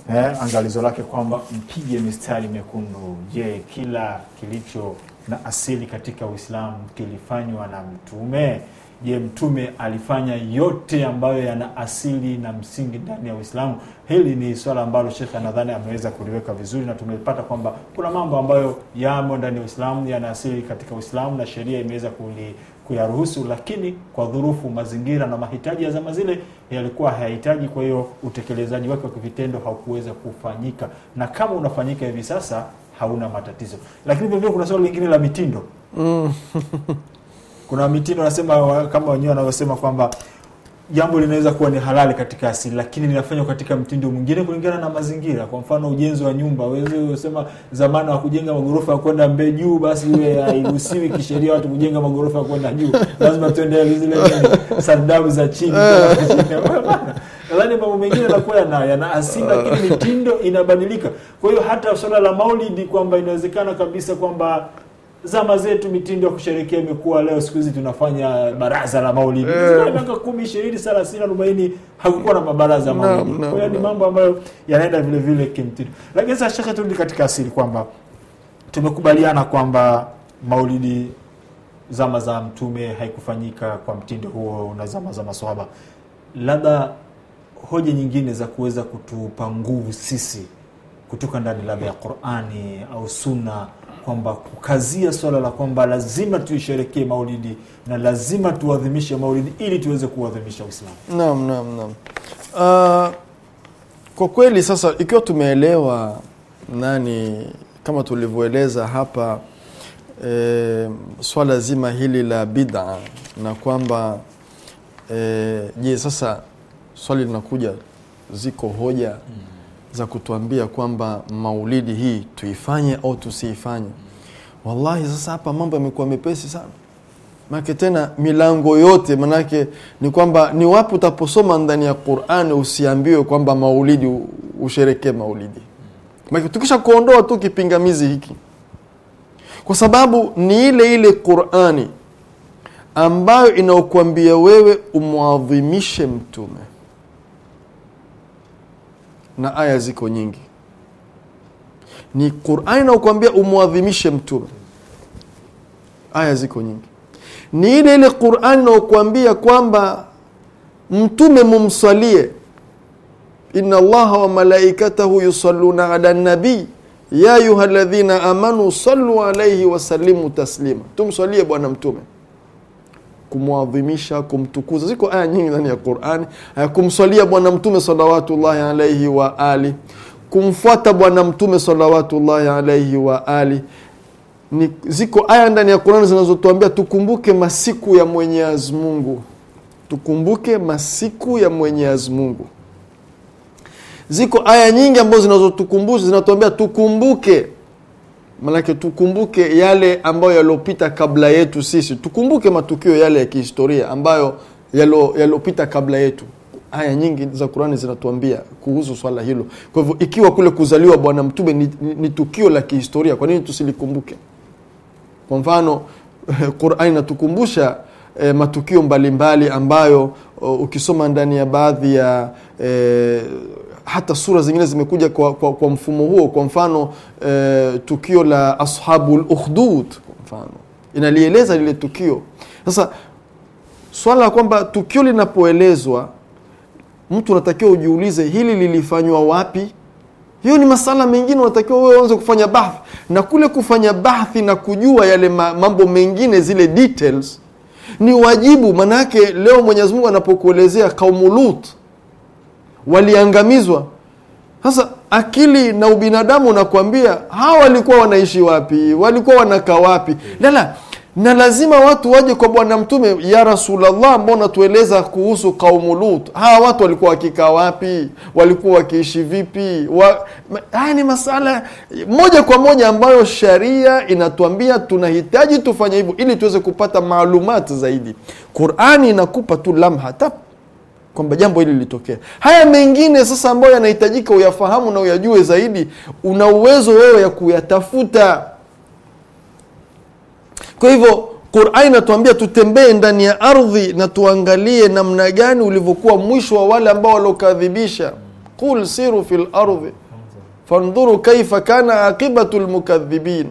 eh, angalizo lake kwamba mpige mistari mekundu. Je, kila kilicho na asili katika Uislamu kilifanywa na Mtume? Je, Mtume alifanya yote ambayo yana asili na msingi ndani ya Uislamu? Hili ni swala ambalo shekhe nadhani ameweza kuliweka vizuri, na tumepata kwamba kuna mambo ambayo yamo ndani ya Uislamu, yana asili katika Uislamu na sheria imeweza kuli kuyaruhusu lakini kwa dhurufu, mazingira na mahitaji ya zama zile yalikuwa hayahitaji. Kwa hiyo utekelezaji wake wa kivitendo haukuweza kufanyika, na kama unafanyika hivi sasa hauna matatizo. Lakini vilevile kuna swala lingine la mitindo mm. [laughs] kuna mitindo nasema kama wenyewe wanavyosema kwamba jambo linaweza kuwa ni halali katika asili, lakini linafanywa katika mtindo mwingine kulingana na mazingira. Kwa mfano ujenzi wa nyumba, wewe unasema zamani wa kujenga magorofa ya kwenda mbe juu, basi iwe hairuhusiwi kisheria watu kujenga magorofa ya kwenda juu, lazima tuendelee zile sardabu za chini [laughs] nadhani mambo mengine anakuwa yana asili, lakini mitindo inabadilika. Kwa hiyo hata swala la maulidi kwamba inawezekana kabisa kwamba zama zetu mitindo ya kusherehekea imekuwa leo, siku hizi tunafanya baraza la maulidi yeah. miaka kumi, ishirini, thelathini, arobaini hakukuwa na mabaraza ya maulidi no, no, kwa hiyo ni mambo ambayo yanaenda vile vile kimtindo. Lakini sasa shekhe, turudi katika asili kwamba tumekubaliana kwamba maulidi zama za Mtume haikufanyika kwa mtindo huo na zama za maswahaba, labda hoja nyingine za kuweza kutupa nguvu sisi kutoka ndani labda ya Qur'ani au Sunna kwamba kukazia swala la kwamba lazima tuisherekee Maulidi na lazima tuadhimishe Maulidi ili tuweze kuadhimisha Uislamu. Naam, naam, naam. Uh, kwa kweli sasa ikiwa tumeelewa nani kama tulivyoeleza hapa e, swala zima hili la bid'a na kwamba e, je, sasa swali linakuja, ziko hoja mm. za kutuambia kwamba maulidi hii tuifanye au tusiifanye. Wallahi, sasa hapa mambo yamekuwa mepesi sana, maake tena milango yote, manake ni kwamba ni wapi utaposoma ndani ya Qur'ani usiambiwe kwamba maulidi usherekee maulidi, Maake tukisha kuondoa tu kipingamizi hiki, kwa sababu ni ile ile Qur'ani ambayo inaokuambia wewe umwadhimishe mtume na aya ziko nyingi ni Qur'ani inaokuambia umwadhimishe mtume aya ziko nyingi ni ile ile Qur'ani inaokuambia kwamba mtume mumsalie inna allaha wa malaikatahu yusalluna ala nabii ya ayuha alladhina amanu sallu alaihi wasalimu taslima tumsalie bwana mtume kumwadhimisha, kumtukuza. Ziko aya nyingi ndani ya Qurani, eh, kumswalia Bwana Mtume salawatullahi alaihi wa ali, kumfuata Bwana Mtume salawatullahi alaihi wa ali ni, ziko aya ndani ya Qurani zinazotuambia tukumbuke masiku ya Mwenyezi Mungu, tukumbuke masiku ya Mwenyezi Mungu. Ziko aya nyingi ambazo zinazotukumbusha, zinatuambia tukumbuke Manake tukumbuke yale ambayo yalopita kabla yetu sisi, tukumbuke matukio yale ya kihistoria ambayo yalopita kabla yetu. Aya nyingi za Qurani zinatuambia kuhusu swala hilo. Kwa hivyo ikiwa kule kuzaliwa Bwana Mtume ni, ni, ni tukio la kihistoria, kwa nini tusilikumbuke? Kwa mfano [laughs] Qurani inatukumbusha E, matukio mbalimbali mbali ambayo o, oh, ukisoma ndani ya baadhi ya e, hata sura zingine zimekuja kwa, kwa, kwa mfumo huo. Kwa mfano e, tukio la ashabul ukhdud mfano inalieleza lile tukio. Sasa swala la kwamba tukio linapoelezwa mtu unatakiwa ujiulize hili lilifanywa wapi? Hiyo ni masala mengine, unatakiwa wewe uanze kufanya bahthi na kule kufanya bahthi na kujua yale mambo mengine, zile details ni wajibu. Maana yake leo Mwenyezi Mungu anapokuelezea kaumu Lut waliangamizwa. Sasa akili na ubinadamu unakuambia hawa walikuwa wanaishi wapi, walikuwa wanakaa wapi? Lala na lazima watu waje kwa Bwana Mtume, ya Rasulullah, mbona tueleza kuhusu kaumu Lut? Hawa watu walikuwa wakikaa wapi? Walikuwa wakiishi vipi? wa... haya ni masala moja kwa moja ambayo sharia inatuambia tunahitaji tufanye hivyo ili tuweze kupata maalumati zaidi. Qurani inakupa tu lamha tap kwamba jambo hili lilitokea. Haya mengine sasa ambayo yanahitajika uyafahamu na uyajue zaidi, una uwezo wewe ya kuyatafuta. Kwa hivyo Qur'ani inatuambia tutembee ndani ya ardhi na tuangalie namna gani ulivyokuwa mwisho wa wale ambao waliokadhibisha. Qul siru fil ardhi fandhuru kaifa kana aqibatu lmukadhibin.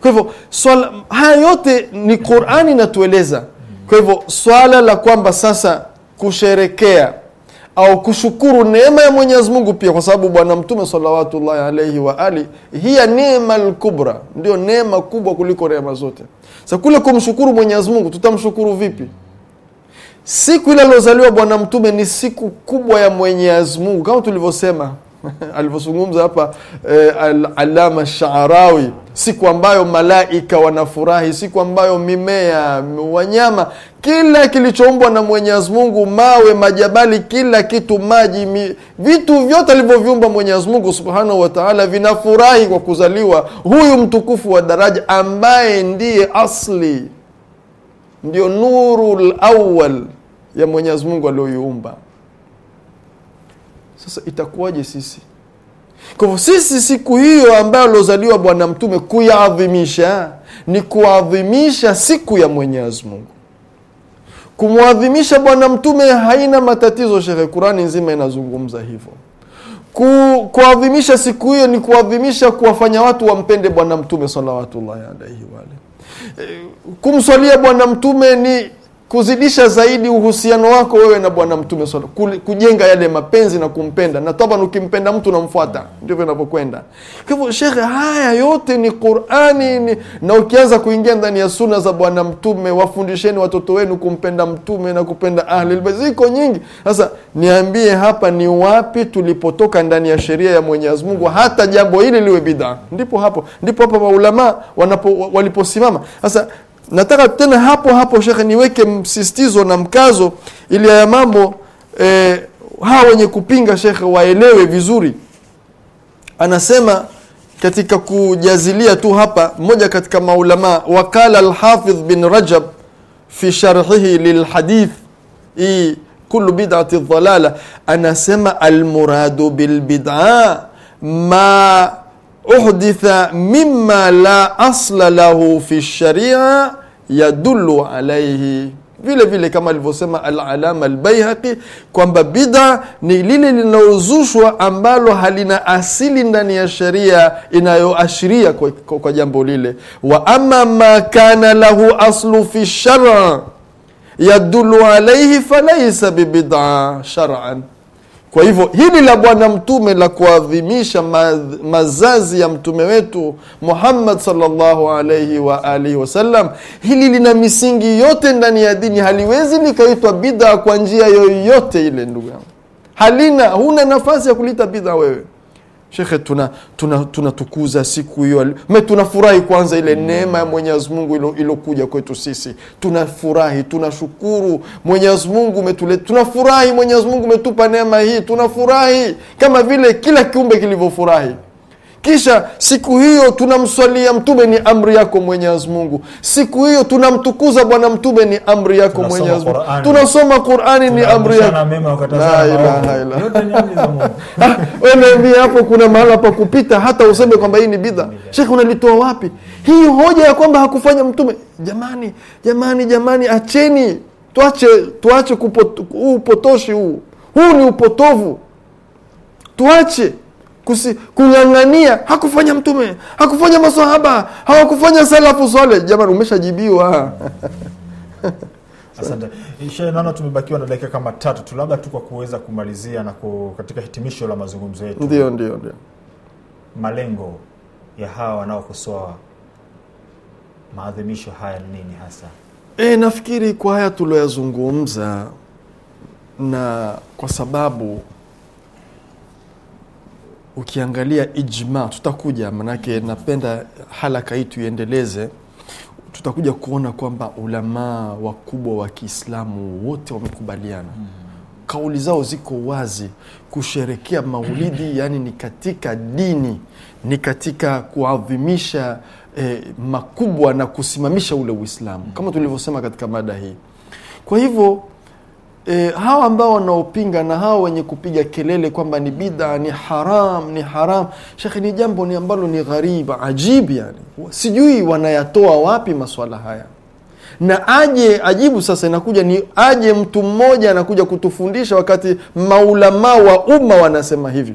Kwa hivyo swala, haya yote ni Qur'ani inatueleza. Kwa hivyo swala la kwamba sasa kusherekea au kushukuru neema ya Mwenyezi Mungu pia, kwa sababu Bwana Mtume salawatullahi alaihi wa ali, hiya nema lkubra, ndio neema kubwa kuliko neema zote. Sa kule kumshukuru Mwenyezi Mungu, tutamshukuru vipi? Siku ile aliozaliwa Bwana Mtume ni siku kubwa ya Mwenyezi Mungu, kama tulivyosema [laughs] alivyozungumza hapa eh, Alama Shaarawi, siku ambayo malaika wanafurahi, siku ambayo mimea, wanyama, kila kilichoumbwa na Mwenyezi Mungu, mawe, majabali, kila kitu, maji, mi, vitu vyote alivyoviumba mwenyezmungu Mungu Subhanahu wataala vinafurahi kwa kuzaliwa huyu mtukufu wa daraja ambaye ndiye asli, ndio nuru lawal ya Mwenyezi Mungu aliyoiumba. Sasa itakuwaje sisi? Kwa hivyo sisi siku hiyo ambayo aliozaliwa Bwana Mtume kuyaadhimisha eh, ni kuadhimisha siku ya Mwenyezi Mungu. Kumwadhimisha Bwana Mtume haina matatizo, shehe. Kurani nzima inazungumza hivyo. Ku, kuadhimisha siku hiyo ni kuadhimisha kuwafanya watu wampende Bwana Mtume salawatullahi alaihi waalihi. Eh, kumswalia Bwana Mtume ni kuzidisha zaidi uhusiano wako wewe na Bwana Mtume sala kujenga yale mapenzi na kumpenda, na taban, ukimpenda mtu unamfuata, ndio inavyokwenda. Kwa hivyo, shekhe, haya yote ni Qur'ani ni, na ukianza kuingia ndani ya suna za Bwana Mtume, wafundisheni watoto wenu kumpenda Mtume na kupenda Ahlul ziko nyingi. Sasa niambie hapa ni wapi tulipotoka ndani ya sheria ya Mwenyezi Mungu hata jambo hili liwe bidhaa Ndipo hapo ndipo hapa maulama waliposimama sasa nataka tena hapo hapo shekhe niweke msistizo na mkazo ili haya mambo e, hawa wenye kupinga shekhe waelewe vizuri anasema katika kujazilia tu hapa mmoja katika maulama wakala alhafidh bin rajab fi sharhihi lilhadith hii kulu bid'ati dhalala anasema almuradu bilbid'a ma uhditha mima la asla lahu fi sharia yadullu alaihi vile vile kama alivyosema Alalama Albaihaqi kwamba bid'a ni lile linaozushwa ambalo halina asili ndani ya sheria inayoashiria kwa, kwa, kwa jambo lile. Wa ama ma kana lahu aslu fi shara yadulu alaihi falaisa bibid'a shar'an kwa hivyo hili la Bwana Mtume la kuadhimisha mazazi ya mtume wetu Muhammad salllahu alaihi wa alihi wasallam, hili lina misingi yote ndani ya dini, haliwezi likaitwa bidhaa kwa njia yoyote ile. Ndugu yangu, halina, huna nafasi ya kulita bidhaa wewe shekhe, tunatukuza tuna, tuna siku hiyo me tunafurahi kwanza ile mm. neema ya Mwenyezi Mungu kwetu sisi, tunafurahi tunashukuru Mwenyezi Mungu metule, tunafurahi Mwenyezi Mungu umetupa neema hii, tunafurahi kama vile kila kiumbe kilivyofurahi kisha siku hiyo tunamswalia mtume ni amri yako mwenyezi mungu siku hiyo tunamtukuza bwana mtume ni amri yako mwenyezi mungu tunasoma qurani ni amri yakonaambia [laughs] ah, hapo kuna mahala pa kupita hata useme kwamba hii ni bidha shekh unalitoa wapi hii hoja ya kwamba hakufanya mtume jamani jamani jamani acheni tuache tuache kupot, upotoshi huu huu ni upotovu tuache kusi, kung'ang'ania hakufanya mtume, hakufanya maswahaba, hawakufanya salafu saleh. Jamani, umeshajibiwa. [laughs] Asante naona tumebakiwa na dakika kama tatu tu, labda tu kwa kuweza kumalizia na katika hitimisho la mazungumzo yetu, ndio ndio ndio malengo ya hawa wanaokosoa maadhimisho haya ni nini hasa? E, nafikiri kwa haya tuliyoyazungumza na kwa sababu ukiangalia ijma, tutakuja manake, napenda halaka hii tuiendeleze tutakuja kuona kwamba ulamaa wakubwa wa Kiislamu wote wamekubaliana, mm. kauli zao ziko wazi kusherekea maulidi [clears throat] yani ni katika dini, ni katika kuadhimisha eh, makubwa na kusimamisha ule Uislamu, mm. kama tulivyosema katika mada hii. Kwa hivyo e, hawa ambao wanaopinga na hawa wenye kupiga kelele kwamba ni bidha ni haram ni haram shekhe ni jambo ni ambalo ni ghariba ajib yani sijui wanayatoa wapi maswala haya na aje ajibu sasa inakuja ni aje mtu mmoja anakuja kutufundisha wakati maulamaa wa umma wanasema hivi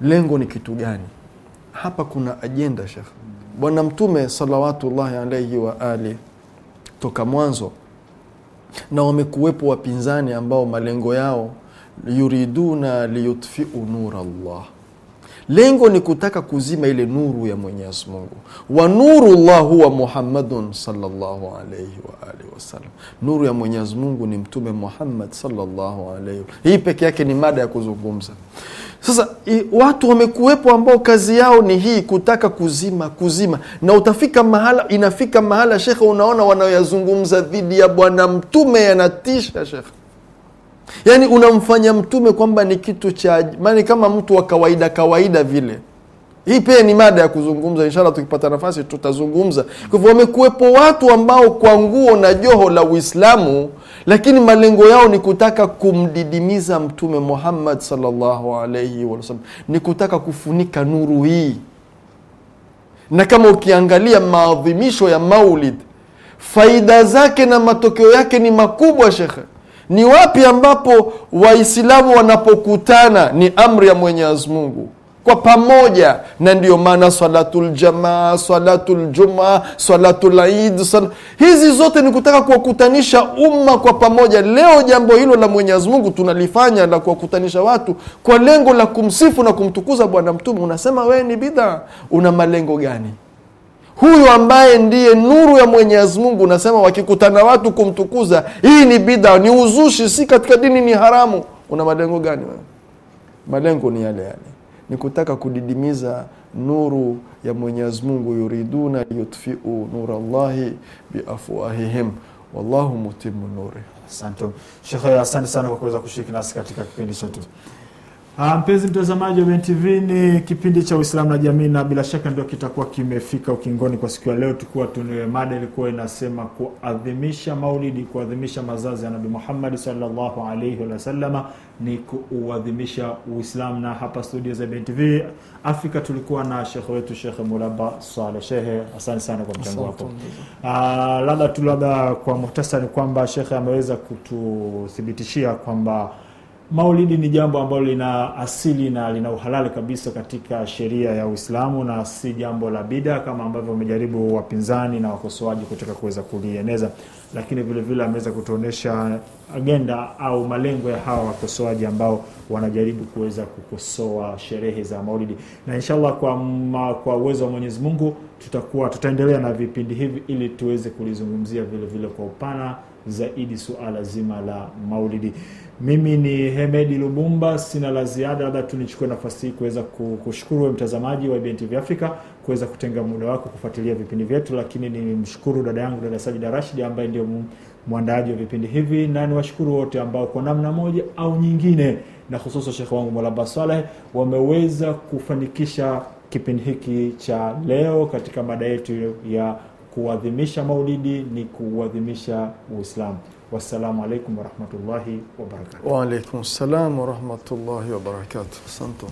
lengo ni kitu gani hapa kuna ajenda shekhe bwana mtume salawatullahi alaihi wa ali toka mwanzo na wamekuwepo wapinzani ambao malengo yao yuriduna liyutfiu nura Allah lengo ni kutaka kuzima ile nuru ya mwenyezi mungu wa nurullah huwa muhammadun salllahu alaihi waalihi wasallam nuru ya mwenyezi mungu ni mtume muhammad salllahu alaihi hii peke yake ni mada ya kuzungumza sasa i, watu wamekuwepo ambao kazi yao ni hii kutaka kuzima kuzima na utafika mahala inafika mahala shekhe unaona wanaoyazungumza dhidi ya bwana mtume yanatisha shekhe yaani unamfanya mtume kwamba ni kitu cha maana kama mtu wa kawaida kawaida vile hii pia ni mada ya kuzungumza inshallah tukipata nafasi tutazungumza kwa hivyo wamekuwepo watu ambao kwa nguo na joho la uislamu lakini malengo yao ni kutaka kumdidimiza mtume muhammad salllahu alaihi ni kutaka kufunika nuru hii na kama ukiangalia maadhimisho ya maulid faida zake na matokeo yake ni makubwa shekhe ni wapi ambapo Waislamu wanapokutana ni amri ya Mwenyezi Mungu kwa pamoja, na ndiyo maana swalatul jamaa, swalatul sal... hizi zote ni kutaka kuwakutanisha umma kwa pamoja. Leo jambo hilo la Mwenyezi Mungu tunalifanya la kuwakutanisha watu kwa lengo la kumsifu na kumtukuza Bwana Mtume, unasema wewe ni bidhaa. Una malengo gani? huyu ambaye ndiye nuru ya Mwenyezi Mungu, unasema wakikutana watu kumtukuza, hii ni bidha ni uzushi, si katika dini, ni haramu. Una malengo gani Malengo ni yale yale, ni kutaka kudidimiza nuru ya Mwenyezi Mungu, yuriduna liyutfiu nura llahi biafwahihim wallahu mutimu nuri. Asante Sheikh, asante sana kwa kuweza kushiriki nasi katika kipindi chetu. Ah, mpenzi mtazamaji wa BNTV, ni kipindi cha Uislamu na jamii, na bila shaka ndio kitakuwa kimefika ukingoni kwa siku ya leo. Tukuwa tuna mada ilikuwa inasema kuadhimisha maulidi, kuadhimisha mazazi ya nabi muhammadi salllahu alaihi wasalama ni kuuadhimisha Uislamu, na hapa studio za BNTV Afrika tulikuwa na shekhe wetu Shekhe muraba sale shehe asante sana kwa mchango wako. Ah, labda tu labda kwa muhtasari kwamba shekhe ameweza kututhibitishia kwamba Maulidi ni jambo ambalo lina asili na lina uhalali kabisa katika sheria ya Uislamu na si jambo la bida kama ambavyo wamejaribu wapinzani na wakosoaji kutaka kuweza kulieneza lakini vilevile ameweza kutuonyesha agenda au malengo ya hawa wakosoaji ambao wanajaribu kuweza kukosoa sherehe za Maulidi, na inshallah kwa, ma, kwa uwezo wa Mwenyezi Mungu tutakuwa tutaendelea na vipindi hivi ili tuweze kulizungumzia vile vile kwa upana zaidi suala zima la Maulidi. Mimi ni Hemedi Lubumba, sina la ziada, labda tu nichukue nafasi hii kuweza kushukuru we mtazamaji wa IBN Africa kuweza kutenga muda wako kufuatilia vipindi vyetu, lakini nimshukuru dada yangu dada Sajida Rashid ambaye ndio mwandaaji wa vipindi hivi, na niwashukuru wote ambao kwa namna moja au nyingine, na hususan shekhe wangu Mwalaba Saleh wameweza kufanikisha kipindi hiki cha leo katika mada yetu ya kuadhimisha Maulidi ni kuadhimisha Uislamu. Wassalamu alaikum warahmatullahi wabarakatuh. Waalaikum salam warahmatullahi wabarakatuh. Asante.